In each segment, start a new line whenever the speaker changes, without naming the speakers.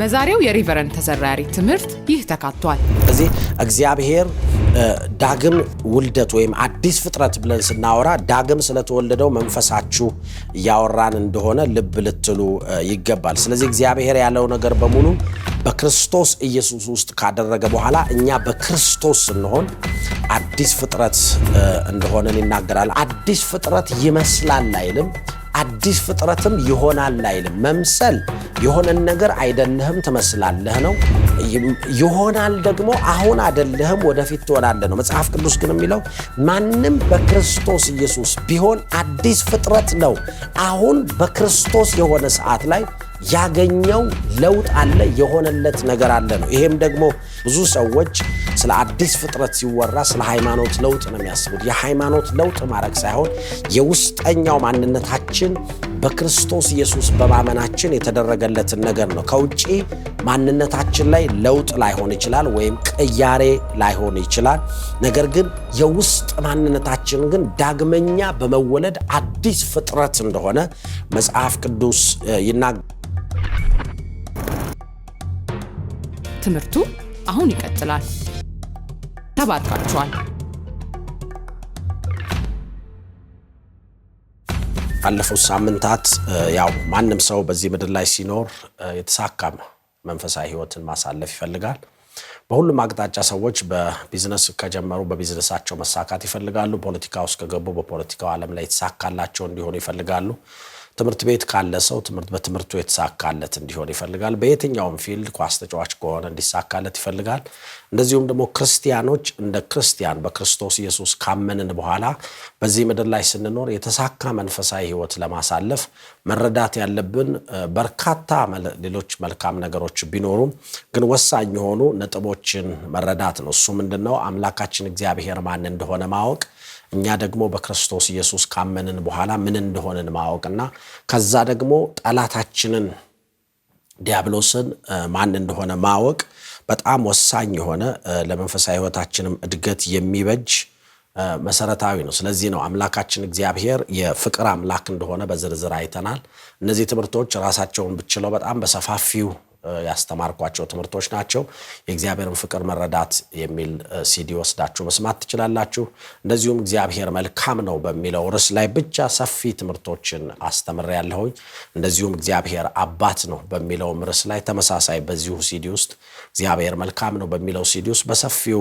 በዛሬው የሪቨረንድ ተዘራሪ ትምህርት ይህ ተካቷል።
እዚህ እግዚአብሔር ዳግም ውልደት ወይም አዲስ ፍጥረት ብለን ስናወራ ዳግም ስለተወለደው መንፈሳችሁ እያወራን እንደሆነ ልብ ልትሉ ይገባል። ስለዚህ እግዚአብሔር ያለው ነገር በሙሉ በክርስቶስ ኢየሱስ ውስጥ ካደረገ በኋላ እኛ በክርስቶስ ስንሆን አዲስ ፍጥረት እንደሆነን ይናገራል። አዲስ ፍጥረት ይመስላል አይልም። አዲስ ፍጥረትም ይሆናል አይልም። መምሰል የሆነን ነገር አይደለህም ትመስላለህ ነው። ይሆናል ደግሞ አሁን አይደለህም ወደፊት ትሆናለህ ነው። መጽሐፍ ቅዱስ ግን የሚለው ማንም በክርስቶስ ኢየሱስ ቢሆን አዲስ ፍጥረት ነው። አሁን በክርስቶስ የሆነ ሰዓት ላይ ያገኘው ለውጥ አለ፣ የሆነለት ነገር አለ ነው። ይሄም ደግሞ ብዙ ሰዎች ስለ አዲስ ፍጥረት ሲወራ ስለ ሃይማኖት ለውጥ ነው የሚያስቡት። የሃይማኖት ለውጥ ማድረግ ሳይሆን የውስጠኛው ማንነታችን በክርስቶስ ኢየሱስ በማመናችን የተደረገለትን ነገር ነው። ከውጭ ማንነታችን ላይ ለውጥ ላይሆን ይችላል፣ ወይም ቅያሬ ላይሆን ይችላል። ነገር ግን የውስጥ ማንነታችን ግን ዳግመኛ በመወለድ አዲስ ፍጥረት እንደሆነ መጽሐፍ ቅዱስ ይናገራል።
ትምህርቱ አሁን ይቀጥላል። ተባርካችኋል።
ካለፉት ሳምንታት ያው ማንም ሰው በዚህ ምድር ላይ ሲኖር የተሳካም መንፈሳዊ ህይወትን ማሳለፍ ይፈልጋል። በሁሉም አቅጣጫ ሰዎች በቢዝነስ ከጀመሩ በቢዝነሳቸው መሳካት ይፈልጋሉ። ፖለቲካ ውስጥ ከገቡ በፖለቲካው አለም ላይ የተሳካላቸው እንዲሆኑ ይፈልጋሉ። ትምህርት ቤት ካለ ሰው ትምህርት በትምህርቱ የተሳካለት እንዲሆን ይፈልጋል። በየትኛውም ፊልድ ኳስ ተጫዋች ከሆነ እንዲሳካለት ይፈልጋል። እንደዚሁም ደግሞ ክርስቲያኖች እንደ ክርስቲያን በክርስቶስ ኢየሱስ ካመንን በኋላ በዚህ ምድር ላይ ስንኖር የተሳካ መንፈሳዊ ሕይወት ለማሳለፍ መረዳት ያለብን በርካታ ሌሎች መልካም ነገሮች ቢኖሩም ግን ወሳኝ የሆኑ ነጥቦችን መረዳት ነው። እሱ ምንድን ነው? አምላካችን እግዚአብሔር ማን እንደሆነ ማወቅ እኛ ደግሞ በክርስቶስ ኢየሱስ ካመንን በኋላ ምን እንደሆንን ማወቅና ከዛ ደግሞ ጠላታችንን ዲያብሎስን ማን እንደሆነ ማወቅ በጣም ወሳኝ የሆነ ለመንፈሳዊ ሕይወታችንም እድገት የሚበጅ መሰረታዊ ነው። ስለዚህ ነው አምላካችን እግዚአብሔር የፍቅር አምላክ እንደሆነ በዝርዝር አይተናል። እነዚህ ትምህርቶች ራሳቸውን ብችለው በጣም በሰፋፊው ያስተማርኳቸው ትምህርቶች ናቸው። የእግዚአብሔርን ፍቅር መረዳት የሚል ሲዲ ወስዳችሁ መስማት ትችላላችሁ። እንደዚሁም እግዚአብሔር መልካም ነው በሚለው ርዕስ ላይ ብቻ ሰፊ ትምህርቶችን አስተምሬያለሁኝ። እንደዚሁም እግዚአብሔር አባት ነው በሚለውም ርዕስ ላይ ተመሳሳይ በዚሁ ሲዲ ውስጥ እግዚአብሔር መልካም ነው በሚለው ሲዲ ውስጥ በሰፊው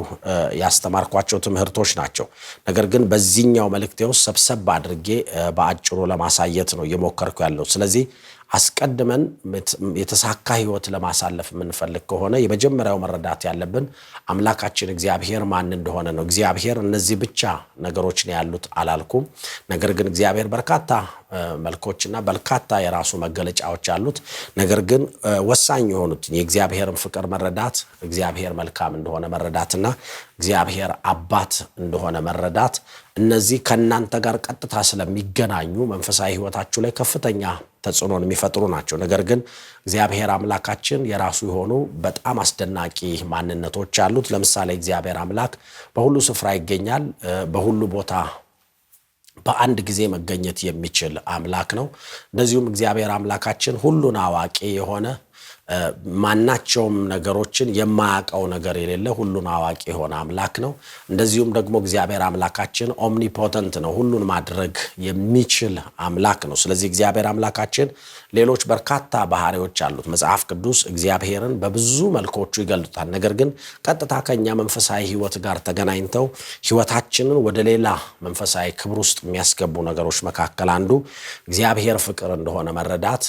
ያስተማርኳቸው ትምህርቶች ናቸው። ነገር ግን በዚህኛው መልእክቴ ውስጥ ሰብሰብ አድርጌ በአጭሩ ለማሳየት ነው እየሞከርኩ ያለው ስለዚህ አስቀድመን የተሳካ ህይወት ለማሳለፍ የምንፈልግ ከሆነ የመጀመሪያው መረዳት ያለብን አምላካችን እግዚአብሔር ማን እንደሆነ ነው። እግዚአብሔር እነዚህ ብቻ ነገሮች ነው ያሉት አላልኩም። ነገር ግን እግዚአብሔር በርካታ መልኮችና በርካታ የራሱ መገለጫዎች አሉት። ነገር ግን ወሳኝ የሆኑት የእግዚአብሔርን ፍቅር መረዳት፣ እግዚአብሔር መልካም እንደሆነ መረዳትና እግዚአብሔር አባት እንደሆነ መረዳት፣ እነዚህ ከእናንተ ጋር ቀጥታ ስለሚገናኙ መንፈሳዊ ህይወታችሁ ላይ ከፍተኛ ተጽዕኖን የሚፈጥሩ ናቸው። ነገር ግን እግዚአብሔር አምላካችን የራሱ የሆኑ በጣም አስደናቂ ማንነቶች አሉት። ለምሳሌ እግዚአብሔር አምላክ በሁሉ ስፍራ ይገኛል፣ በሁሉ ቦታ በአንድ ጊዜ መገኘት የሚችል አምላክ ነው። እንደዚሁም እግዚአብሔር አምላካችን ሁሉን አዋቂ የሆነ ማናቸውም ነገሮችን የማያውቀው ነገር የሌለ ሁሉን አዋቂ የሆነ አምላክ ነው። እንደዚሁም ደግሞ እግዚአብሔር አምላካችን ኦምኒፖተንት ነው፣ ሁሉን ማድረግ የሚችል አምላክ ነው። ስለዚህ እግዚአብሔር አምላካችን ሌሎች በርካታ ባህሪዎች አሉት። መጽሐፍ ቅዱስ እግዚአብሔርን በብዙ መልኮቹ ይገልጡታል። ነገር ግን ቀጥታ ከኛ መንፈሳዊ ህይወት ጋር ተገናኝተው ህይወታችንን ወደ ሌላ መንፈሳዊ ክብር ውስጥ የሚያስገቡ ነገሮች መካከል አንዱ እግዚአብሔር ፍቅር እንደሆነ መረዳት፣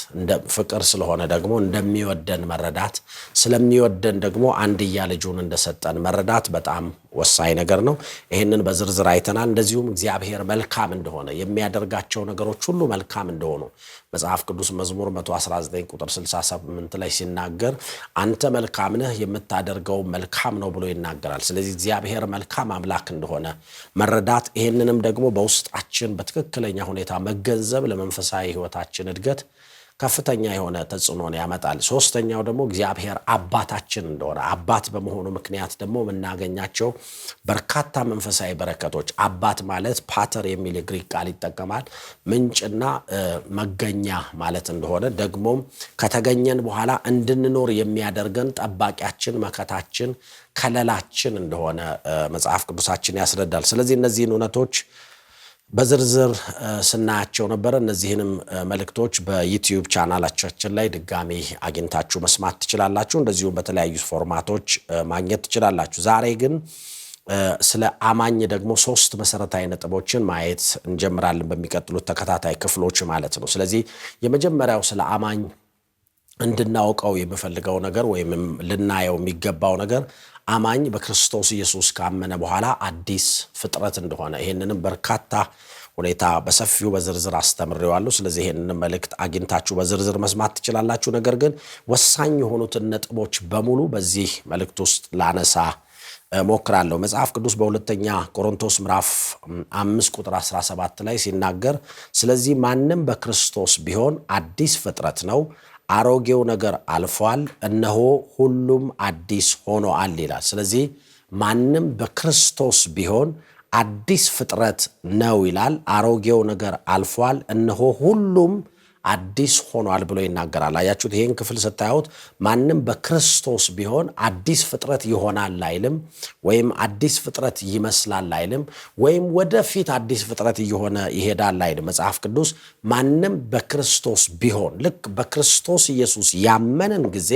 ፍቅር ስለሆነ ደግሞ እንደሚወደን መረዳት፣ ስለሚወደን ደግሞ አንድያ ልጁን እንደሰጠን መረዳት በጣም ወሳኝ ነገር ነው። ይህንን በዝርዝር አይተናል። እንደዚሁም እግዚአብሔር መልካም እንደሆነ የሚያደርጋቸው ነገሮች ሁሉ መልካም እንደሆኑ መጽሐፍ ቅዱስ መዝሙር 119 ቁጥር 68 ላይ ሲናገር አንተ መልካም ነህ፣ የምታደርገው መልካም ነው ብሎ ይናገራል። ስለዚህ እግዚአብሔር መልካም አምላክ እንደሆነ መረዳት፣ ይህንንም ደግሞ በውስጣችን በትክክለኛ ሁኔታ መገንዘብ ለመንፈሳዊ ሕይወታችን እድገት ከፍተኛ የሆነ ተጽዕኖን ያመጣል። ሶስተኛው ደግሞ እግዚአብሔር አባታችን እንደሆነ አባት በመሆኑ ምክንያት ደግሞ የምናገኛቸው በርካታ መንፈሳዊ በረከቶች አባት ማለት ፓተር የሚል ግሪክ ቃል ይጠቀማል። ምንጭና መገኛ ማለት እንደሆነ ደግሞም ከተገኘን በኋላ እንድንኖር የሚያደርገን ጠባቂያችን፣ መከታችን፣ ከለላችን እንደሆነ መጽሐፍ ቅዱሳችን ያስረዳል። ስለዚህ እነዚህን እውነቶች በዝርዝር ስናያቸው ነበረ። እነዚህንም መልእክቶች በዩትዩብ ቻናላቻችን ላይ ድጋሚ አግኝታችሁ መስማት ትችላላችሁ። እንደዚሁም በተለያዩ ፎርማቶች ማግኘት ትችላላችሁ። ዛሬ ግን ስለ አማኝ ደግሞ ሶስት መሰረታዊ ነጥቦችን ማየት እንጀምራለን፣ በሚቀጥሉት ተከታታይ ክፍሎች ማለት ነው። ስለዚህ የመጀመሪያው ስለ አማኝ እንድናውቀው የምፈልገው ነገር ወይም ልናየው የሚገባው ነገር አማኝ በክርስቶስ ኢየሱስ ካመነ በኋላ አዲስ ፍጥረት እንደሆነ ይህንንም በርካታ ሁኔታ በሰፊው በዝርዝር አስተምሬዋለሁ። ስለዚህ ይህንን መልእክት አግኝታችሁ በዝርዝር መስማት ትችላላችሁ። ነገር ግን ወሳኝ የሆኑትን ነጥቦች በሙሉ በዚህ መልእክት ውስጥ ላነሳ ሞክራለሁ። መጽሐፍ ቅዱስ በሁለተኛ ቆሮንቶስ ምዕራፍ አምስት ቁጥር 17 ላይ ሲናገር ስለዚህ ማንም በክርስቶስ ቢሆን አዲስ ፍጥረት ነው፣ አሮጌው ነገር አልፏል፣ እነሆ ሁሉም አዲስ ሆኖአል ይላል። ስለዚህ ማንም በክርስቶስ ቢሆን አዲስ ፍጥረት ነው ይላል። አሮጌው ነገር አልፏል፣ እነሆ ሁሉም አዲስ ሆኗል ብሎ ይናገራል። አያችሁት? ይህን ክፍል ስታዩት ማንም በክርስቶስ ቢሆን አዲስ ፍጥረት ይሆናል አይልም፣ ወይም አዲስ ፍጥረት ይመስላል አይልም፣ ወይም ወደፊት አዲስ ፍጥረት እየሆነ ይሄዳል አይልም። መጽሐፍ ቅዱስ ማንም በክርስቶስ ቢሆን ልክ በክርስቶስ ኢየሱስ ያመንን ጊዜ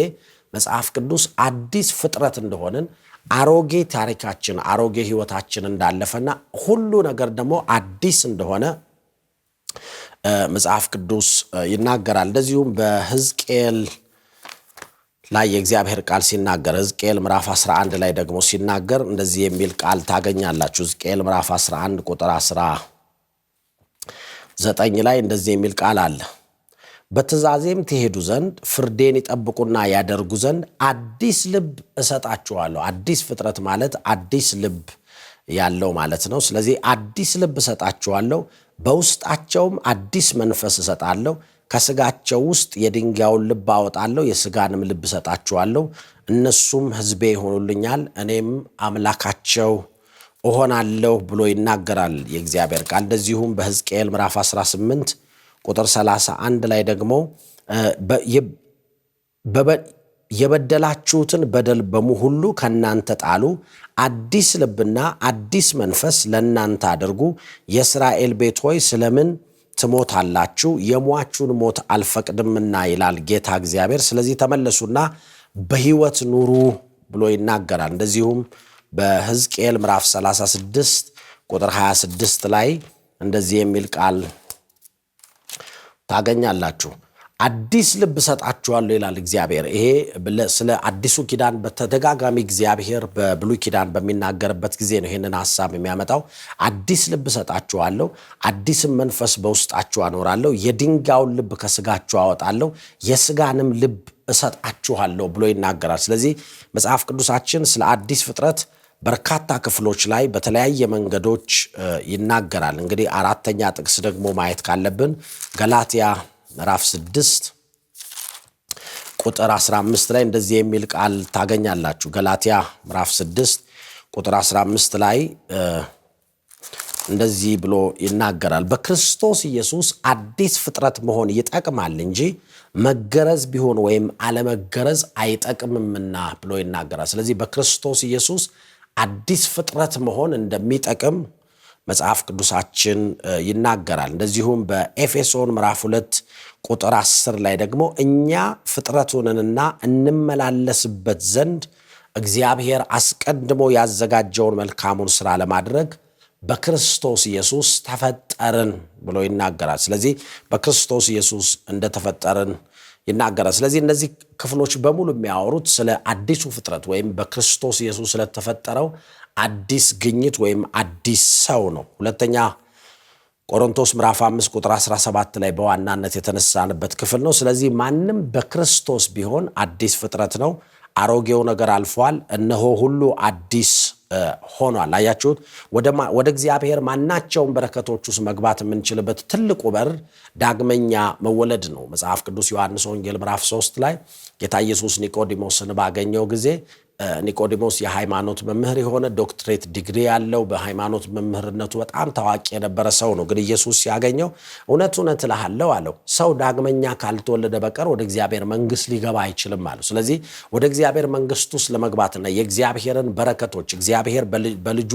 መጽሐፍ ቅዱስ አዲስ ፍጥረት እንደሆንን አሮጌ ታሪካችን አሮጌ ሕይወታችን እንዳለፈና ሁሉ ነገር ደግሞ አዲስ እንደሆነ መጽሐፍ ቅዱስ ይናገራል። እንደዚሁም በሕዝቅኤል ላይ የእግዚአብሔር ቃል ሲናገር ሕዝቅኤል ምዕራፍ 11 ላይ ደግሞ ሲናገር እንደዚህ የሚል ቃል ታገኛላችሁ። ሕዝቅኤል ምዕራፍ 11 ቁጥር 19 ላይ እንደዚህ የሚል ቃል አለ። በትእዛዜም ትሄዱ ዘንድ ፍርዴን ይጠብቁና ያደርጉ ዘንድ አዲስ ልብ እሰጣችኋለሁ። አዲስ ፍጥረት ማለት አዲስ ልብ ያለው ማለት ነው። ስለዚህ አዲስ ልብ እሰጣችኋለሁ በውስጣቸውም አዲስ መንፈስ እሰጣለሁ፣ ከስጋቸው ውስጥ የድንጋዩን ልብ አወጣለሁ፣ የስጋንም ልብ እሰጣችኋለሁ። እነሱም ሕዝቤ ይሆኑልኛል፣ እኔም አምላካቸው እሆናለሁ ብሎ ይናገራል የእግዚአብሔር ቃል። እንደዚሁም በሕዝቅኤል ምዕራፍ 18 ቁጥር 31 ላይ ደግሞ የበደላችሁትን በደል በሙ ሁሉ ከእናንተ ጣሉ፣ አዲስ ልብና አዲስ መንፈስ ለእናንተ አድርጉ። የእስራኤል ቤት ሆይ ስለምን ትሞታላችሁ? የሟችሁን ሞት አልፈቅድምና ይላል ጌታ እግዚአብሔር። ስለዚህ ተመለሱና በሕይወት ኑሩ ብሎ ይናገራል። እንደዚሁም በሕዝቅኤል ምዕራፍ 36 ቁጥር 26 ላይ እንደዚህ የሚል ቃል ታገኛላችሁ። አዲስ ልብ እሰጣችኋለሁ ይላል እግዚአብሔር። ይሄ ስለ አዲሱ ኪዳን በተደጋጋሚ እግዚአብሔር በብሉይ ኪዳን በሚናገርበት ጊዜ ነው ይህንን ሀሳብ የሚያመጣው። አዲስ ልብ እሰጣችኋለሁ፣ አዲስም መንፈስ በውስጣችሁ አኖራለሁ፣ የድንጋዩን ልብ ከስጋችሁ አወጣለሁ፣ የስጋንም ልብ እሰጣችኋለሁ ብሎ ይናገራል። ስለዚህ መጽሐፍ ቅዱሳችን ስለ አዲስ ፍጥረት በርካታ ክፍሎች ላይ በተለያየ መንገዶች ይናገራል። እንግዲህ አራተኛ ጥቅስ ደግሞ ማየት ካለብን ገላትያ ምዕራፍ 6 ቁጥር 15 ላይ እንደዚህ የሚል ቃል ታገኛላችሁ። ገላትያ ምዕራፍ 6 ቁጥር 15 ላይ እንደዚህ ብሎ ይናገራል። በክርስቶስ ኢየሱስ አዲስ ፍጥረት መሆን ይጠቅማል እንጂ መገረዝ ቢሆን ወይም አለመገረዝ አይጠቅምምና ብሎ ይናገራል። ስለዚህ በክርስቶስ ኢየሱስ አዲስ ፍጥረት መሆን እንደሚጠቅም መጽሐፍ ቅዱሳችን ይናገራል። እንደዚሁም በኤፌሶን ምዕራፍ ሁለት ቁጥር አስር ላይ ደግሞ እኛ ፍጥረቱንንና እንመላለስበት ዘንድ እግዚአብሔር አስቀድሞ ያዘጋጀውን መልካሙን ስራ ለማድረግ በክርስቶስ ኢየሱስ ተፈጠርን ብሎ ይናገራል። ስለዚህ በክርስቶስ ኢየሱስ እንደተፈጠርን ይናገራል። ስለዚህ እነዚህ ክፍሎች በሙሉ የሚያወሩት ስለ አዲሱ ፍጥረት ወይም በክርስቶስ ኢየሱስ ስለተፈጠረው አዲስ ግኝት ወይም አዲስ ሰው ነው። ሁለተኛ ቆሮንቶስ ምዕራፍ 5 ቁጥር 17 ላይ በዋናነት የተነሳንበት ክፍል ነው። ስለዚህ ማንም በክርስቶስ ቢሆን አዲስ ፍጥረት ነው፣ አሮጌው ነገር አልፏል፣ እነሆ ሁሉ አዲስ ሆኗል። አያችሁት? ወደ እግዚአብሔር ማናቸውን በረከቶች ውስጥ መግባት የምንችልበት ትልቁ በር ዳግመኛ መወለድ ነው። መጽሐፍ ቅዱስ ዮሐንስ ወንጌል ምዕራፍ 3 ላይ ጌታ ኢየሱስ ኒቆዲሞስን ባገኘው ጊዜ ኒቆዲሞስ የሃይማኖት መምህር የሆነ ዶክትሬት ዲግሪ ያለው በሃይማኖት መምህርነቱ በጣም ታዋቂ የነበረ ሰው ነው። ግን ኢየሱስ ሲያገኘው እውነት እውነት እልሃለሁ አለው፣ ሰው ዳግመኛ ካልተወለደ በቀር ወደ እግዚአብሔር መንግስት ሊገባ አይችልም አለው። ስለዚህ ወደ እግዚአብሔር መንግስት ውስጥ ለመግባትና የእግዚአብሔርን በረከቶች እግዚአብሔር በልጁ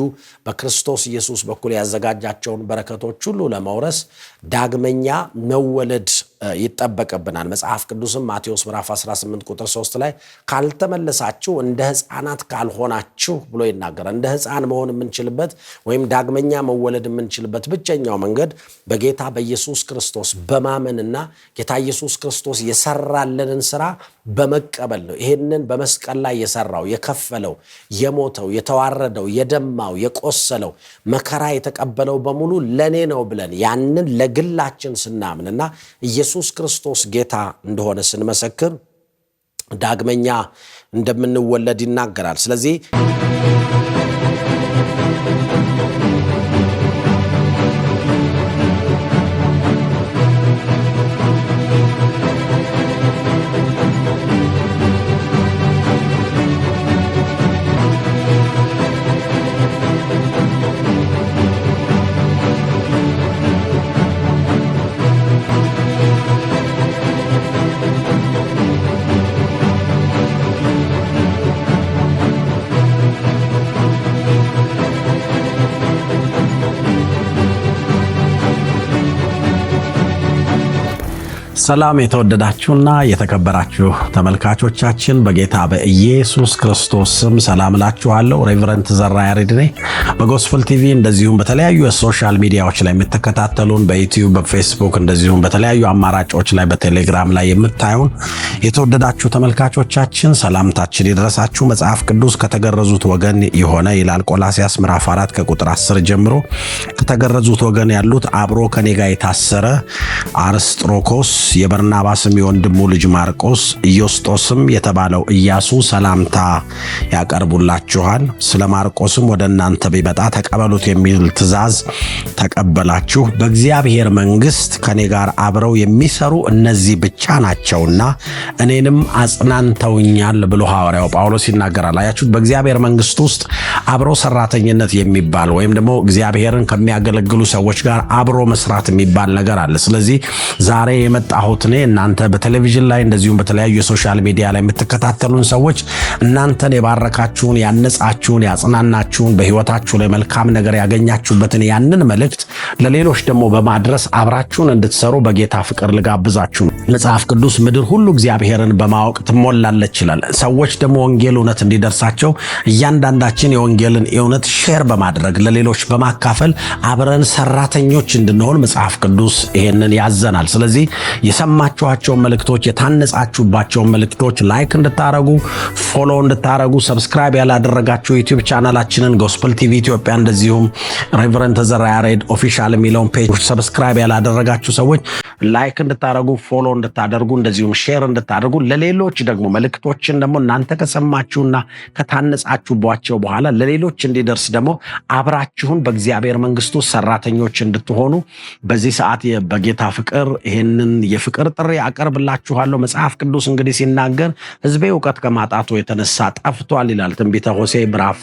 በክርስቶስ ኢየሱስ በኩል ያዘጋጃቸውን በረከቶች ሁሉ ለመውረስ ዳግመኛ መወለድ ይጠበቅብናል። መጽሐፍ ቅዱስም ማቴዎስ ምዕራፍ 18 ቁጥር 3 ላይ ካልተመለሳችሁ እንደ ሕፃናት ካልሆናችሁ ብሎ ይናገራል። እንደ ሕፃን መሆን የምንችልበት ወይም ዳግመኛ መወለድ የምንችልበት ብቸኛው መንገድ በጌታ በኢየሱስ ክርስቶስ በማመንና ጌታ ኢየሱስ ክርስቶስ የሰራልንን ስራ በመቀበል ነው። ይህንን በመስቀል ላይ የሰራው የከፈለው የሞተው የተዋረደው የደማው የቆሰለው መከራ የተቀበለው በሙሉ ለእኔ ነው ብለን ያንን ለግላችን ስናምንና ኢየሱስ ክርስቶስ ጌታ እንደሆነ ስንመሰክር ዳግመኛ እንደምንወለድ ይናገራል። ስለዚህ ሰላም የተወደዳችሁና የተከበራችሁ ተመልካቾቻችን በጌታ በኢየሱስ ክርስቶስ ስም ሰላም እላችኋለሁ። ሬቨረንት ዘራ ያሬድ ነኝ። በጎስፕል ቲቪ እንደዚሁም በተለያዩ የሶሻል ሚዲያዎች ላይ የምትከታተሉን በዩቲዩብ፣ በፌስቡክ እንደዚሁም በተለያዩ አማራጮች ላይ በቴሌግራም ላይ የምታዩን የተወደዳችሁ ተመልካቾቻችን ሰላምታችን የደረሳችሁ። መጽሐፍ ቅዱስ ከተገረዙት ወገን የሆነ ይላል ቆላሲያስ ምዕራፍ አራት ከቁጥር አስር ጀምሮ ከተገረዙት ወገን ያሉት አብሮ ከኔ ጋር የታሰረ አርስጥሮኮስ የበርናባስም የወንድሙ ልጅ ማርቆስ ኢዮስጦስም የተባለው ኢያሱ ሰላምታ ያቀርቡላችኋል። ስለ ማርቆስም ወደ እናንተ ቢመጣ ተቀበሉት የሚል ትእዛዝ ተቀበላችሁ። በእግዚአብሔር መንግሥት ከእኔ ጋር አብረው የሚሰሩ እነዚህ ብቻ ናቸውና እኔንም አጽናንተውኛል ብሎ ሐዋርያው ጳውሎስ ይናገራል። አያችሁት? በእግዚአብሔር መንግሥት ውስጥ አብሮ ሰራተኝነት የሚባል ወይም ደግሞ እግዚአብሔርን ከሚያገለግሉ ሰዎች ጋር አብሮ መስራት የሚባል ነገር አለ። ስለዚህ ዛሬ የመጣ ያነሳሁት እኔ እናንተ በቴሌቪዥን ላይ እንደዚሁም በተለያዩ የሶሻል ሚዲያ ላይ የምትከታተሉን ሰዎች እናንተን የባረካችሁን፣ ያነጻችሁን፣ ያጽናናችሁን በህይወታችሁ ላይ መልካም ነገር ያገኛችሁበትን ያንን መልእክት ለሌሎች ደግሞ በማድረስ አብራችሁን እንድትሰሩ በጌታ ፍቅር ልጋብዛችሁ መጽሐፍ ቅዱስ ምድር ሁሉ እግዚአብሔርን በማወቅ ትሞላለች ይላል። ሰዎች ደግሞ ወንጌል እውነት እንዲደርሳቸው እያንዳንዳችን የወንጌልን እውነት ሼር በማድረግ ለሌሎች በማካፈል አብረን ሰራተኞች እንድንሆን መጽሐፍ ቅዱስ ይሄንን ያዘናል። ስለዚህ የሰማችኋቸውን መልእክቶች የታነጻችሁባቸውን መልእክቶች ላይክ እንድታረጉ፣ ፎሎ እንድታረጉ፣ ሰብስክራይብ ያላደረጋችሁ ዩቲዩብ ቻናላችንን ጎስፕል ቲቪ ኢትዮጵያ እንደዚሁም ሬቨረንድ ተዘራ ያሬድ ኦፊሻል የሚለውን ፔጅ ሰብስክራይብ ያላደረጋችሁ ሰዎች ላይክ እንድታደረጉ ፎሎ እንድታደርጉ እንደዚሁም ሼር እንድታደርጉ ለሌሎች ደግሞ መልእክቶችን ደግሞ እናንተ ከሰማችሁና ከታነጻችሁባቸው በኋላ ለሌሎች እንዲደርስ ደግሞ አብራችሁን በእግዚአብሔር መንግስቱ ሰራተኞች እንድትሆኑ በዚህ ሰዓት በጌታ ፍቅር ይህንን የፍቅር ጥሪ አቀርብላችኋለሁ። መጽሐፍ ቅዱስ እንግዲህ ሲናገር ሕዝቤ እውቀት ከማጣቱ የተነሳ ጠፍቷል ይላል። ትንቢተ ሆሴዕ ምዕራፍ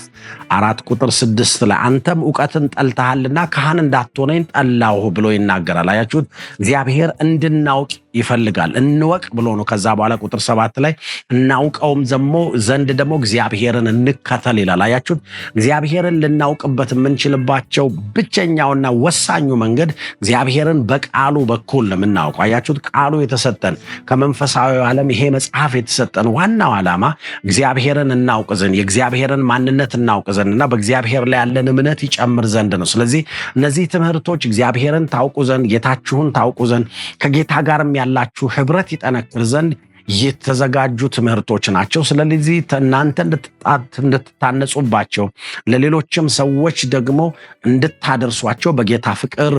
አራት ቁጥር ስድስት ላይ አንተም እውቀትን ጠልተሃልና ካህን እንዳትሆነኝ ጠላሁ ብሎ ይናገራል። አያችሁት? እግዚአብሔር እንድናውቅ ይፈልጋል። እንወቅ ብሎ ነው። ከዛ በኋላ ቁጥር ሰባት ላይ እናውቀውም ደግሞ ዘንድ ደግሞ እግዚአብሔርን እንከተል ይላል። አያችሁት? እግዚአብሔርን ልናውቅበት የምንችልባቸው ብቸኛውና ወሳኙ መንገድ እግዚአብሔርን በቃሉ በኩል ነው የምናውቀው። አያችሁት? ቃሉ የተሰጠን ከመንፈሳዊ ዓለም ይሄ መጽሐፍ የተሰጠን ዋናው ዓላማ እግዚአብሔርን እናውቅ ዘንድ የእግዚአብሔርን ማንነት እናውቅ ዘንድ እና በእግዚአብሔር ላይ ያለን እምነት ይጨምር ዘንድ ነው። ስለዚህ እነዚህ ትምህርቶች እግዚአብሔርን ታውቁ ዘንድ፣ ጌታችሁን ታውቁ ዘንድ፣ ከጌታ ጋርም ያላችሁ ህብረት ይጠነክር ዘንድ የተዘጋጁ ትምህርቶች ናቸው። ስለዚህ እናንተ እንድትታነጹባቸው ለሌሎችም ሰዎች ደግሞ እንድታደርሷቸው በጌታ ፍቅር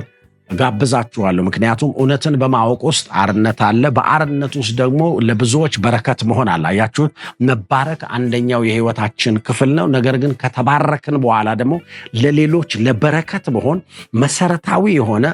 ጋብዛችኋለሁ። ምክንያቱም እውነትን በማወቅ ውስጥ አርነት አለ። በአርነት ውስጥ ደግሞ ለብዙዎች በረከት መሆን አለ። አያችሁት? መባረክ አንደኛው የህይወታችን ክፍል ነው። ነገር ግን ከተባረክን በኋላ ደግሞ ለሌሎች ለበረከት መሆን መሰረታዊ የሆነ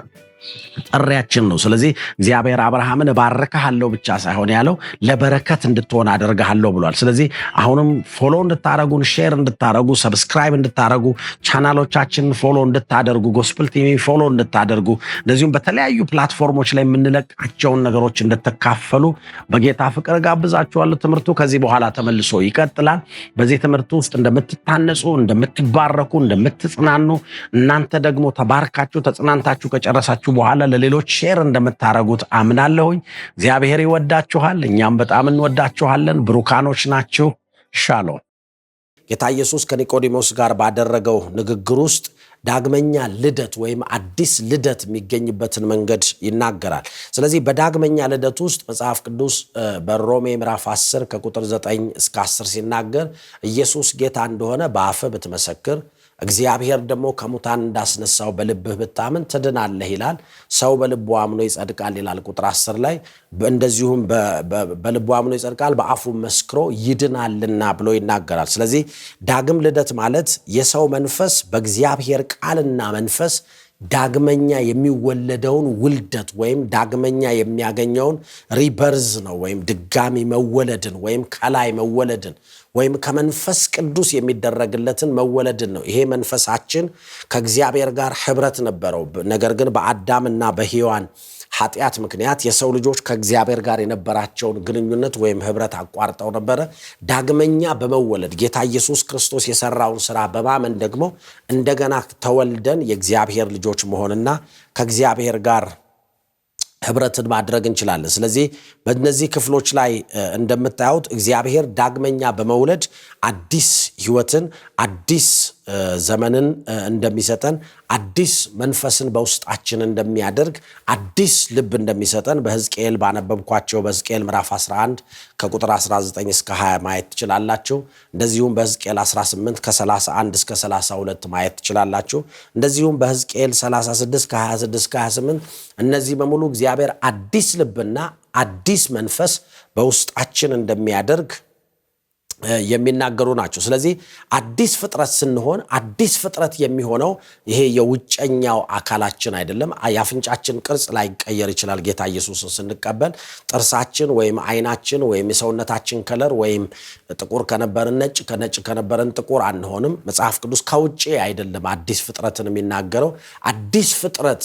ጥሪያችን ነው። ስለዚህ እግዚአብሔር አብርሃምን እባርክሃለሁ ብቻ ሳይሆን ያለው ለበረከት እንድትሆን አደርግሃለሁ ብሏል። ስለዚህ አሁንም ፎሎ እንድታደረጉን፣ ሼር እንድታደረጉ፣ ሰብስክራይብ እንድታደረጉ፣ ቻናሎቻችን ፎሎ እንድታደርጉ፣ ጎስፕል ቲቪ ፎሎ እንድታደርጉ፣ እንደዚሁም በተለያዩ ፕላትፎርሞች ላይ የምንለቃቸውን ነገሮች እንድትካፈሉ በጌታ ፍቅር ጋብዛችኋለሁ። ትምህርቱ ከዚህ በኋላ ተመልሶ ይቀጥላል። በዚህ ትምህርት ውስጥ እንደምትታነጹ፣ እንደምትባረኩ፣ እንደምትጽናኑ እናንተ ደግሞ ተባርካችሁ ተጽናንታችሁ ከጨረሳችሁ ከሰማችሁ በኋላ ለሌሎች ሼር እንደምታደርጉት አምናለሁኝ። እግዚአብሔር ይወዳችኋል፣ እኛም በጣም እንወዳችኋለን። ብሩካኖች ናችሁ። ሻሎም። ጌታ ኢየሱስ ከኒቆዲሞስ ጋር ባደረገው ንግግር ውስጥ ዳግመኛ ልደት ወይም አዲስ ልደት የሚገኝበትን መንገድ ይናገራል። ስለዚህ በዳግመኛ ልደት ውስጥ መጽሐፍ ቅዱስ በሮሜ ምዕራፍ 10 ከቁጥር 9 እስከ 10 ሲናገር ኢየሱስ ጌታ እንደሆነ በአፍ ብትመሰክር እግዚአብሔር ደግሞ ከሙታን እንዳስነሳው በልብህ ብታምን ትድናለህ ይላል። ሰው በልቡ አምኖ ይጸድቃል ይላል ቁጥር አስር ላይ እንደዚሁም በልቡ አምኖ ይጸድቃል በአፉ መስክሮ ይድናልና ብሎ ይናገራል። ስለዚህ ዳግም ልደት ማለት የሰው መንፈስ በእግዚአብሔር ቃልና መንፈስ ዳግመኛ የሚወለደውን ውልደት ወይም ዳግመኛ የሚያገኘውን ሪበርዝ ነው ወይም ድጋሚ መወለድን ወይም ከላይ መወለድን ወይም ከመንፈስ ቅዱስ የሚደረግለትን መወለድን ነው። ይሄ መንፈሳችን ከእግዚአብሔር ጋር ህብረት ነበረው። ነገር ግን በአዳምና በሔዋን ኃጢአት ምክንያት የሰው ልጆች ከእግዚአብሔር ጋር የነበራቸውን ግንኙነት ወይም ህብረት አቋርጠው ነበረ። ዳግመኛ በመወለድ ጌታ ኢየሱስ ክርስቶስ የሰራውን ስራ በማመን ደግሞ እንደገና ተወልደን የእግዚአብሔር ልጆች መሆንና ከእግዚአብሔር ጋር ህብረትን ማድረግ እንችላለን። ስለዚህ በእነዚህ ክፍሎች ላይ እንደምታዩት እግዚአብሔር ዳግመኛ በመውለድ አዲስ ህይወትን፣ አዲስ ዘመንን እንደሚሰጠን አዲስ መንፈስን በውስጣችን እንደሚያደርግ አዲስ ልብ እንደሚሰጠን በህዝቅኤል ባነበብኳቸው በሕዝቅኤል ምዕራፍ 11 ከቁጥር 19 እስከ 20 ማየት ትችላላችሁ። እንደዚሁም በህዝቅኤል 18 ከ31 እስከ 32 ማየት ትችላላችሁ። እንደዚሁም በህዝቅኤል 36 ከ26 እስከ 28 እነዚህ በሙሉ እግዚአብሔር አዲስ ልብና አዲስ መንፈስ በውስጣችን እንደሚያደርግ የሚናገሩ ናቸው። ስለዚህ አዲስ ፍጥረት ስንሆን አዲስ ፍጥረት የሚሆነው ይሄ የውጨኛው አካላችን አይደለም። የአፍንጫችን ቅርጽ ላይቀየር ይችላል ጌታ ኢየሱስን ስንቀበል። ጥርሳችን ወይም አይናችን ወይም የሰውነታችን ከለር ወይም ጥቁር ከነበረን ነጭ፣ ከነጭ ከነበረን ጥቁር አንሆንም። መጽሐፍ ቅዱስ ከውጭ አይደለም አዲስ ፍጥረትን የሚናገረው። አዲስ ፍጥረት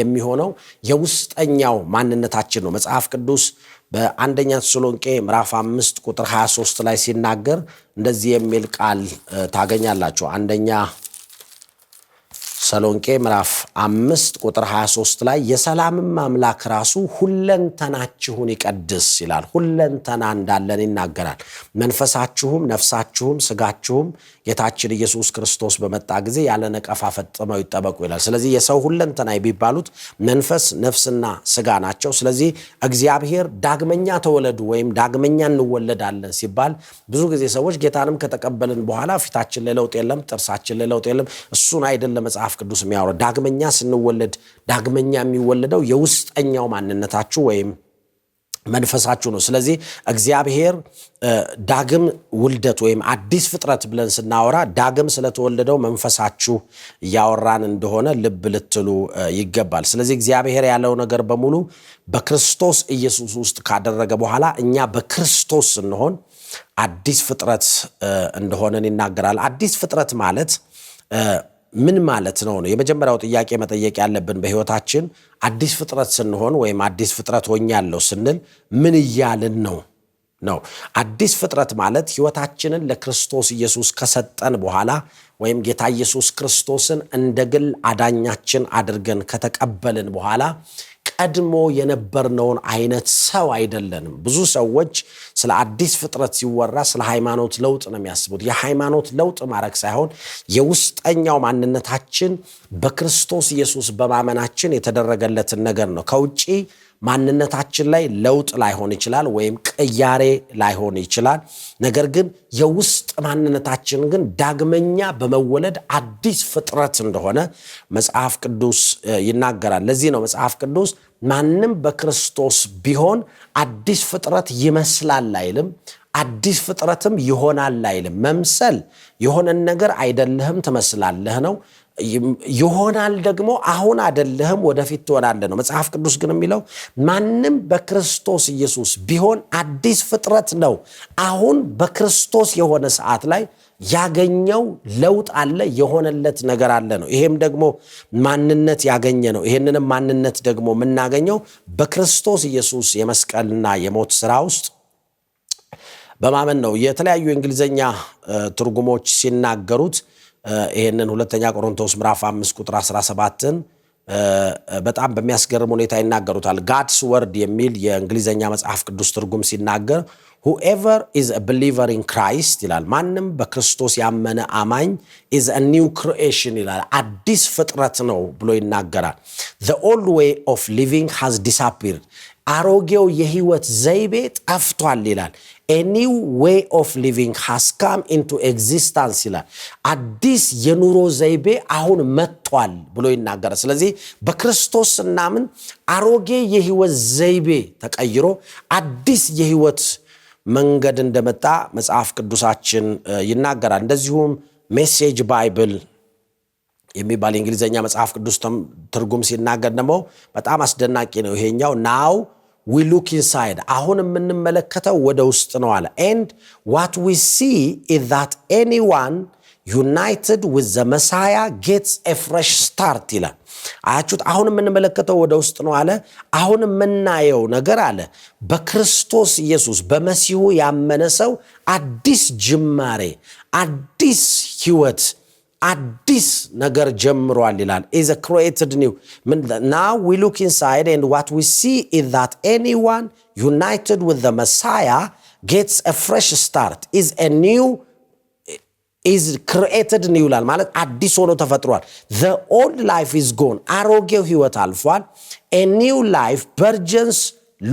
የሚሆነው የውስጠኛው ማንነታችን ነው። መጽሐፍ ቅዱስ በአንደኛ ተሰሎንቄ ምዕራፍ አምስት ቁጥር 23 ላይ ሲናገር እንደዚህ የሚል ቃል ታገኛላችሁ። አንደኛ ተሰሎንቄ ምዕራፍ አምስት ቁጥር 23 ላይ የሰላምም አምላክ ራሱ ሁለንተናችሁን ይቀድስ ይላል። ሁለንተና እንዳለን ይናገራል። መንፈሳችሁም፣ ነፍሳችሁም፣ ስጋችሁም ጌታችን ኢየሱስ ክርስቶስ በመጣ ጊዜ ያለ ነቀፋ ፈጽመው ይጠበቁ ይላል። ስለዚህ የሰው ሁለንተና የሚባሉት መንፈስ፣ ነፍስና ስጋ ናቸው። ስለዚህ እግዚአብሔር ዳግመኛ ተወለዱ ወይም ዳግመኛ እንወለዳለን ሲባል ብዙ ጊዜ ሰዎች ጌታንም ከተቀበልን በኋላ ፊታችን ላይ ለውጥ የለም፣ ጥርሳችን ላይ ለውጥ የለም፣ እሱን አይደለም መጽሐፍ ቅዱስ የሚያወራው ዳግመኛ ስንወለድ ዳግመኛ የሚወለደው የውስጠኛው ማንነታችሁ ወይም መንፈሳችሁ ነው። ስለዚህ እግዚአብሔር ዳግም ውልደት ወይም አዲስ ፍጥረት ብለን ስናወራ ዳግም ስለተወለደው መንፈሳችሁ እያወራን እንደሆነ ልብ ልትሉ ይገባል። ስለዚህ እግዚአብሔር ያለው ነገር በሙሉ በክርስቶስ ኢየሱስ ውስጥ ካደረገ በኋላ እኛ በክርስቶስ ስንሆን አዲስ ፍጥረት እንደሆነን ይናገራል። አዲስ ፍጥረት ማለት ምን ማለት ነው ነው የመጀመሪያው ጥያቄ መጠየቅ ያለብን። በህይወታችን አዲስ ፍጥረት ስንሆን ወይም አዲስ ፍጥረት ሆኛለሁ ስንል ምን እያልን ነው ነው? አዲስ ፍጥረት ማለት ህይወታችንን ለክርስቶስ ኢየሱስ ከሰጠን በኋላ ወይም ጌታ ኢየሱስ ክርስቶስን እንደ ግል አዳኛችን አድርገን ከተቀበልን በኋላ ቀድሞ የነበርነውን አይነት ሰው አይደለንም። ብዙ ሰዎች ስለ አዲስ ፍጥረት ሲወራ ስለ ሃይማኖት ለውጥ ነው የሚያስቡት። የሃይማኖት ለውጥ ማድረግ ሳይሆን የውስጠኛው ማንነታችን በክርስቶስ ኢየሱስ በማመናችን የተደረገለትን ነገር ነው። ከውጭ ማንነታችን ላይ ለውጥ ላይሆን ይችላል ወይም ቅያሬ ላይሆን ይችላል። ነገር ግን የውስጥ ማንነታችን ግን ዳግመኛ በመወለድ አዲስ ፍጥረት እንደሆነ መጽሐፍ ቅዱስ ይናገራል። ለዚህ ነው መጽሐፍ ቅዱስ ማንም በክርስቶስ ቢሆን አዲስ ፍጥረት ይመስላል አይልም። አዲስ ፍጥረትም ይሆናል አይልም። መምሰል የሆነን ነገር አይደለህም ትመስላለህ ነው። ይሆናል ደግሞ አሁን አይደለህም ወደፊት ትሆናለህ ነው። መጽሐፍ ቅዱስ ግን የሚለው ማንም በክርስቶስ ኢየሱስ ቢሆን አዲስ ፍጥረት ነው። አሁን በክርስቶስ የሆነ ሰዓት ላይ ያገኘው ለውጥ አለ፣ የሆነለት ነገር አለ ነው። ይሄም ደግሞ ማንነት ያገኘ ነው። ይሄንንም ማንነት ደግሞ የምናገኘው በክርስቶስ ኢየሱስ የመስቀልና የሞት ስራ ውስጥ በማመን ነው። የተለያዩ የእንግሊዝኛ ትርጉሞች ሲናገሩት ይህንን ሁለተኛ ቆሮንቶስ ምዕራፍ 5 ቁጥር 17ን በጣም በሚያስገርም ሁኔታ ይናገሩታል። ጋድስ ወርድ የሚል የእንግሊዝኛ መጽሐፍ ቅዱስ ትርጉም ሲናገር ሁኤቨር ኢዝ ብሊቨር ኢን ክራይስት ይላል። ማንም በክርስቶስ ያመነ አማኝ ኢዝ ኒው ክሪኤሽን ይላል፣ አዲስ ፍጥረት ነው ብሎ ይናገራል። ዘ ኦልድ ዌይ ኦፍ ሊቪንግ ሃዝ ዲስአፒርድ፣ አሮጌው የህይወት ዘይቤ ጠፍቷል ይላል። ኒው ዌይ ኦፍ ሊቪንግ ሃስ ካም ኢንቱ ኤግዚስታንስ ይላል። አዲስ የኑሮ ዘይቤ አሁን መጥቷል ብሎ ይናገራል። ስለዚህ በክርስቶስ ስናምን አሮጌ የህይወት ዘይቤ ተቀይሮ አዲስ የህይወት መንገድ እንደመጣ መጽሐፍ ቅዱሳችን ይናገራል። እንደዚሁም ሜሴጅ ባይብል የሚባል የእንግሊዝኛ መጽሐፍ ቅዱስ ትርጉም ሲናገር ደግሞ በጣም አስደናቂ ነው። ይሄኛው ናው ዊ ሉክ ኢንሳይድ አሁን የምንመለከተው ወደ ውስጥ ነው አለ። ኤንድ ዋት ዊ ሲ ኢዝ ዛት ኤኒዋን ዩናይትድ ዊዝ ዘ መሳያ ጌትስ ኤ ፍሬሽ ስታርት ይላል። አያችሁት? አሁን የምንመለከተው ወደ ውስጥ ነው አለ። አሁን የምናየው ነገር አለ በክርስቶስ ኢየሱስ በመሲሁ ያመነ ሰው አዲስ ጅማሬ፣ አዲስ ህይወት አዲስ ነገር ጀምሯል ይላል ኢዘ ክሬትድ ኒው ና ዊ ሉክ ኢንሳይድ ን ዋት ዊ ሲ ኢዝ ዛት ኤኒዋን ዩናይትድ ዊዝ ዘ መሳያ ጌትስ ኤ ፍሬሽ ስታርት ኢዝ ኤ ኒው ኢዝ ክሪኤትድ ኒው ይላል ማለት አዲስ ሆኖ ተፈጥሯል። ዘ ኦልድ ላይፍ ኢዝ ጎን አሮጌው ህይወት አልፏል። ኤ ኒው ላይፍ በርጀንስ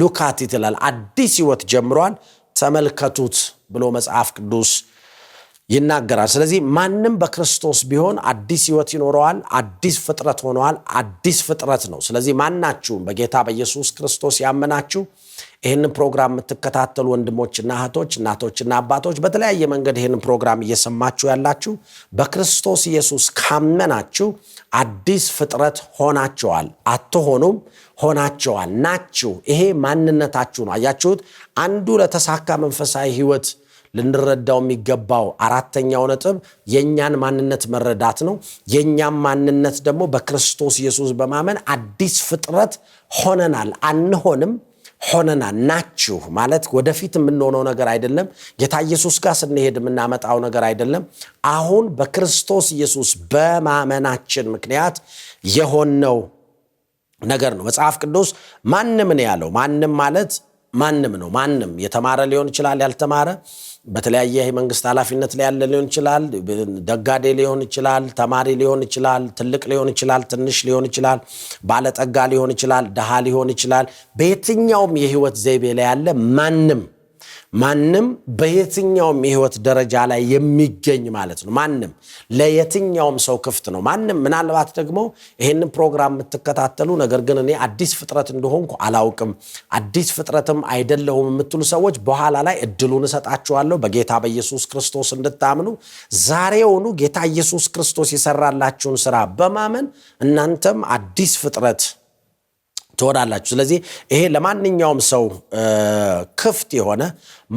ሉካት ይትላል አዲስ ህይወት ጀምሯል ተመልከቱት ብሎ መጽሐፍ ቅዱስ ይናገራል። ስለዚህ ማንም በክርስቶስ ቢሆን አዲስ ህይወት ይኖረዋል፣ አዲስ ፍጥረት ሆነዋል፣ አዲስ ፍጥረት ነው። ስለዚህ ማናችሁም በጌታ በኢየሱስ ክርስቶስ ያመናችሁ ይህንን ፕሮግራም የምትከታተሉ ወንድሞችና እህቶች፣ እናቶችና አባቶች በተለያየ መንገድ ይህንን ፕሮግራም እየሰማችሁ ያላችሁ በክርስቶስ ኢየሱስ ካመናችሁ አዲስ ፍጥረት ሆናችኋል። አትሆኑም፣ ሆናችኋል፣ ናችሁ። ይሄ ማንነታችሁ ነው። አያችሁት? አንዱ ለተሳካ መንፈሳዊ ህይወት። ልንረዳው የሚገባው አራተኛው ነጥብ የእኛን ማንነት መረዳት ነው። የእኛም ማንነት ደግሞ በክርስቶስ ኢየሱስ በማመን አዲስ ፍጥረት ሆነናል። አንሆንም ሆነናል ናችሁ ማለት ወደፊት የምንሆነው ነገር አይደለም። ጌታ ኢየሱስ ጋር ስንሄድ የምናመጣው ነገር አይደለም። አሁን በክርስቶስ ኢየሱስ በማመናችን ምክንያት የሆነው ነገር ነው። መጽሐፍ ቅዱስ ማንም ነው ያለው። ማንም ማለት ማንም ነው ማንም የተማረ ሊሆን ይችላል፣ ያልተማረ በተለያየ መንግስት ኃላፊነት ላይ ያለ ሊሆን ይችላል፣ ደጋዴ ሊሆን ይችላል፣ ተማሪ ሊሆን ይችላል፣ ትልቅ ሊሆን ይችላል፣ ትንሽ ሊሆን ይችላል፣ ባለጠጋ ሊሆን ይችላል፣ ድሃ ሊሆን ይችላል። በየትኛውም የህይወት ዘይቤ ላይ ያለ ማንም ማንም በየትኛውም የህይወት ደረጃ ላይ የሚገኝ ማለት ነው። ማንም ለየትኛውም ሰው ክፍት ነው። ማንም ምናልባት ደግሞ ይህንን ፕሮግራም የምትከታተሉ ነገር ግን እኔ አዲስ ፍጥረት እንደሆንኩ አላውቅም፣ አዲስ ፍጥረትም አይደለሁም የምትሉ ሰዎች በኋላ ላይ እድሉን እሰጣችኋለሁ በጌታ በኢየሱስ ክርስቶስ እንድታምኑ። ዛሬውኑ ጌታ ኢየሱስ ክርስቶስ የሰራላችሁን ስራ በማመን እናንተም አዲስ ፍጥረት ትሆናላችሁ። ስለዚህ ይሄ ለማንኛውም ሰው ክፍት የሆነ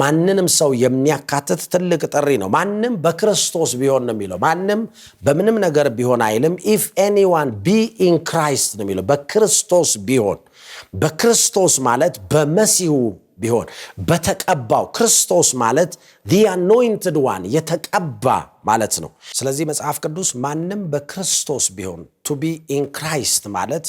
ማንንም ሰው የሚያካትት ትልቅ ጥሪ ነው። ማንም በክርስቶስ ቢሆን ነው የሚለው። ማንም በምንም ነገር ቢሆን አይልም። ኢፍ ኤኒዋን ቢ ኢን ክራይስት ነው የሚለው። በክርስቶስ ቢሆን በክርስቶስ ማለት በመሲሁ ቢሆን በተቀባው ክርስቶስ ማለት ዲ አኖይንትድ ዋን የተቀባ ማለት ነው። ስለዚህ መጽሐፍ ቅዱስ ማንም በክርስቶስ ቢሆን ቱ ቢ ኢን ክራይስት ማለት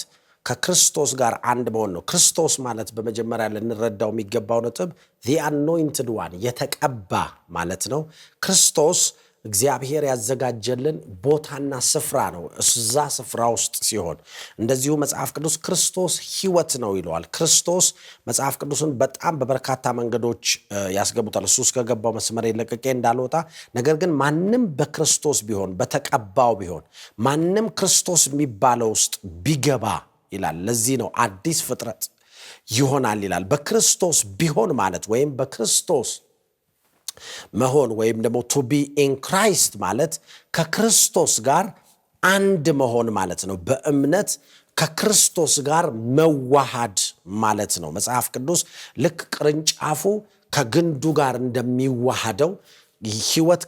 ከክርስቶስ ጋር አንድ መሆን ነው። ክርስቶስ ማለት በመጀመሪያ ልንረዳው የሚገባው ነጥብ ዚ አኖይንትድ ዋን የተቀባ ማለት ነው። ክርስቶስ እግዚአብሔር ያዘጋጀልን ቦታና ስፍራ ነው። እዛ ስፍራ ውስጥ ሲሆን እንደዚሁ መጽሐፍ ቅዱስ ክርስቶስ ሕይወት ነው ይለዋል። ክርስቶስ መጽሐፍ ቅዱስን በጣም በበርካታ መንገዶች ያስገቡታል። እሱ እስከገባው መስመር የለቀቄ እንዳልወጣ። ነገር ግን ማንም በክርስቶስ ቢሆን በተቀባው ቢሆን ማንም ክርስቶስ የሚባለው ውስጥ ቢገባ ይላል። ለዚህ ነው አዲስ ፍጥረት ይሆናል ይላል። በክርስቶስ ቢሆን ማለት ወይም በክርስቶስ መሆን ወይም ደግሞ ቱ ቢ ኢን ክራይስት ማለት ከክርስቶስ ጋር አንድ መሆን ማለት ነው። በእምነት ከክርስቶስ ጋር መዋሃድ ማለት ነው። መጽሐፍ ቅዱስ ልክ ቅርንጫፉ ከግንዱ ጋር እንደሚዋሃደው ህይወት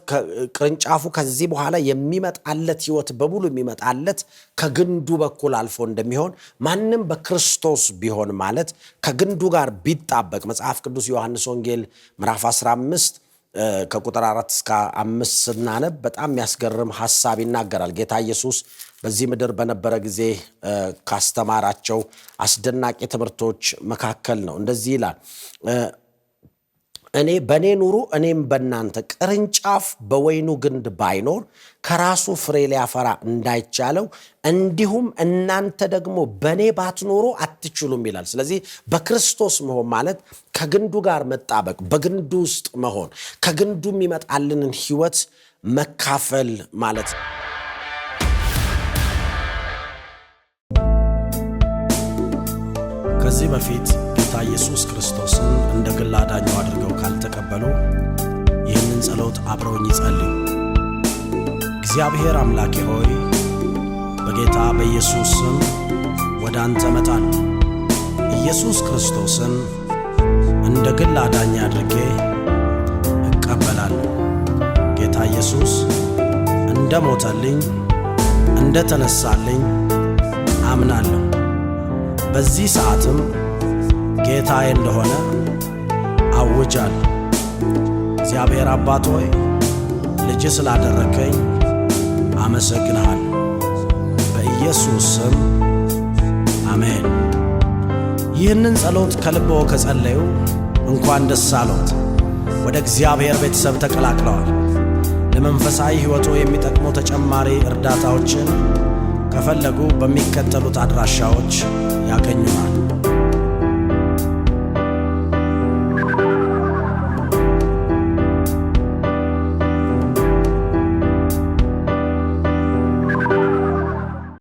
ቅርንጫፉ ከዚህ በኋላ የሚመጣለት ህይወት በሙሉ የሚመጣለት ከግንዱ በኩል አልፎ እንደሚሆን ማንም በክርስቶስ ቢሆን ማለት ከግንዱ ጋር ቢጣበቅ መጽሐፍ ቅዱስ ዮሐንስ ወንጌል ምዕራፍ 15 ከቁጥር አራት እስከ አምስት ስናነብ በጣም የሚያስገርም ሀሳብ ይናገራል። ጌታ ኢየሱስ በዚህ ምድር በነበረ ጊዜ ካስተማራቸው አስደናቂ ትምህርቶች መካከል ነው። እንደዚህ ይላል እኔ በእኔ ኑሩ እኔም በእናንተ ቅርንጫፍ በወይኑ ግንድ ባይኖር ከራሱ ፍሬ ሊያፈራ እንዳይቻለው እንዲሁም እናንተ ደግሞ በእኔ ባትኖሩ አትችሉም ይላል። ስለዚህ በክርስቶስ መሆን ማለት ከግንዱ ጋር መጣበቅ፣ በግንዱ ውስጥ መሆን፣ ከግንዱ የሚመጣልንን ሕይወት መካፈል ማለት ነው። ከዚህ በፊት ጌታ ኢየሱስ ክርስቶስን እንደ ግል አዳኙ አድርገ ካልተቀበሉ ይህንን ጸሎት አብረውኝ ይጸልዩ። እግዚአብሔር አምላኬ ሆይ በጌታ በኢየሱስ ስም ወደ አንተ እመጣለሁ። ኢየሱስ ክርስቶስን እንደ ግል አዳኝ አድርጌ እቀበላለሁ። ጌታ ኢየሱስ እንደ ሞተልኝ እንደ ተነሳልኝ አምናለሁ። በዚህ ሰዓትም ጌታዬ እንደሆነ አውጃል። እግዚአብሔር አባት ሆይ ልጅ ስላደረከኝ አመሰግንሃል። በኢየሱስ ስም አሜን። ይህንን ጸሎት ከልቦ ከጸለዩ እንኳን ደስ አሎት፣ ወደ እግዚአብሔር ቤተሰብ ተቀላቅለዋል። ለመንፈሳዊ ሕይወቱ የሚጠቅሙ ተጨማሪ እርዳታዎችን ከፈለጉ በሚከተሉት አድራሻዎች ያገኙናል።